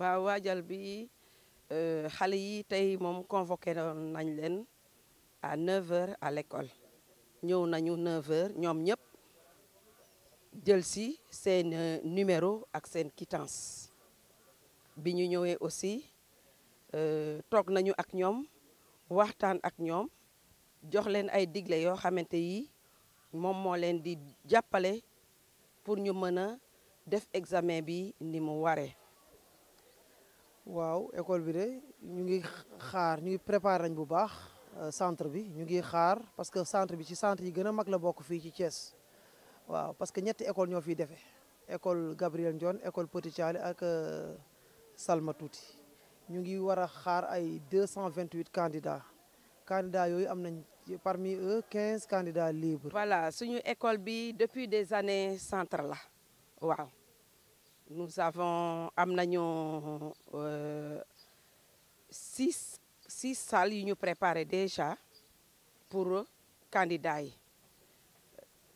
waaw bi à euh, yi convoqué nañ à 9h à l'école ñew nañu 9h jël euh, numéro ak sen quittance bi ñu aussi euh, tok nañu ak ñom waxtaan ak ñom jox len ay yi pour ñu def examen bi ni waaw école bi de ñu ngi xaar préparé bu euh, centre bi ñu ngi parce que centre bi ci centre yi gën a mag la bokk ci Thiès waaw parce que ñetti école ñoo défé, école Gabriel Ndione école Petit Charlie ak euh, Salma Touti. ñu ngi wara xaar ay 228 candidats candidats yooyu parmi eux 15 candidats libres. voilà suñu école bi depuis des années centre là. waaw nous avons amené euh, six salles préparées déjà pour candidats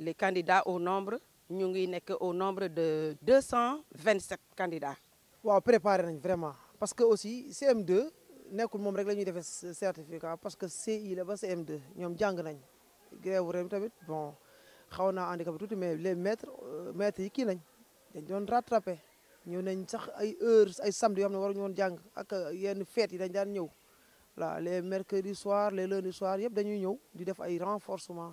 les candidats au nombre nous ngi au nombre de 227 candidats. waaw préparé vraiment parce que aussi CM2 nous avons rek certificat parce que CI est CM2 Nous avons nañ grève tamit bon mais les maîtres euh, maîtres dañ doon rattrapé ñëw nañ sax ay heures ay samedi yoo xam woon jàng ak yenn fête yi dañ daan ñëw voilà les mercredis soir les lundis soir yëpp dañuy ñëw di def ay renforcement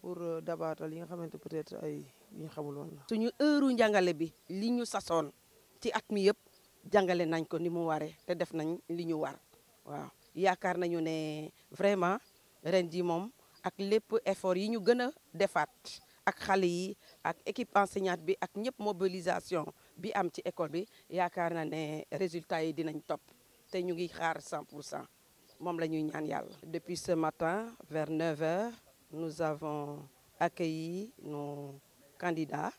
pour euh, dabaatal yi nga xamante peut-être ay ñu xamul woon la. suñu heure njàngale bi li ñu sasoon ci at mi yëpp jàngale nañ ko ni mu waree te def nañ li ñu war waaw yaakaar nañu ne vraiment ren ji moom ak lépp effort yi ñu gën a defaat. ak xalé yi ak équipe enseignante bi ak mobilisation bi am ci école bi résultats yi dinañ 100 Depuis ce matin vers 9 h nous avons accueilli nos candidats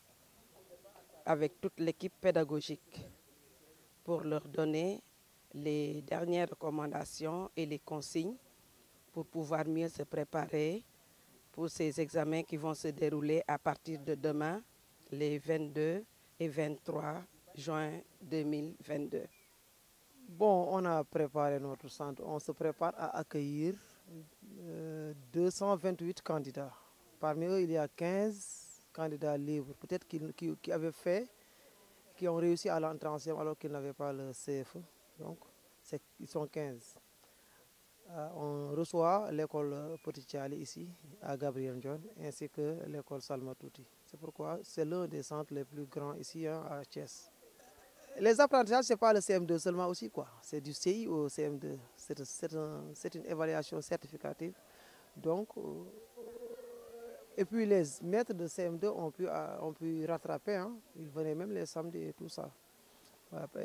avec toute l'équipe pédagogique pour leur donner les dernières recommandations et les consignes pour pouvoir mieux se préparer pour ces examens qui vont se dérouler à partir de demain, les 22 et 23 juin 2022. Bon, on a préparé notre centre. On se prépare à accueillir 228 euh, candidats. Parmi eux, il y a 15 candidats libres, peut-être qui, avaient fait, qui ont réussi à l'entrée alors qu'ils n'avaient pas le CFE. Donc, ils sont 15. Euh, on reçoit l'école Petit ici, à Gabriel John, ainsi que l'école Salmatouti. C'est pourquoi c'est l'un des centres les plus grands ici hein, à Thiès. Les apprentissages, ce n'est pas le CM2 seulement aussi, quoi. C'est du CI au CM2. C'est une évaluation certificative. Donc, euh, et puis les maîtres de CM2 ont pu, euh, ont pu rattraper. Hein. Ils venaient même les samedis et tout ça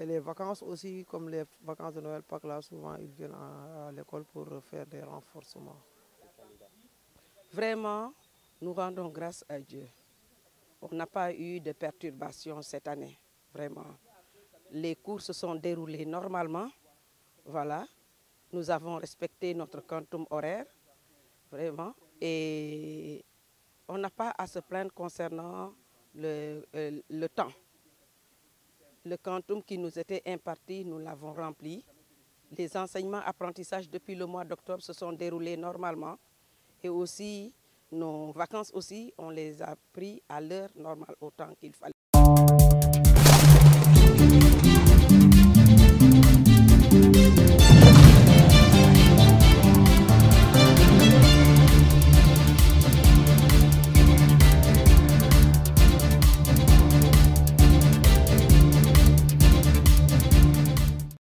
les vacances aussi, comme les vacances de Noël, Pâques, là, souvent ils viennent à, l'école pour faire des renforcements. Vraiment, nous rendons grâce à Dieu. On n'a pas eu de perturbations cette année, vraiment. Les cours se sont déroulés normalement. Voilà. Nous avons respecté notre quantum horaire, vraiment. Et on n'a pas à se plaindre concernant le euh, temps. Le quantum qui nous était imparti, nous l'avons rempli. Les enseignements apprentissages depuis le mois d'octobre se sont déroulés normalement et aussi nos vacances aussi, on les a pris à l'heure normale, autant qu'il fallait.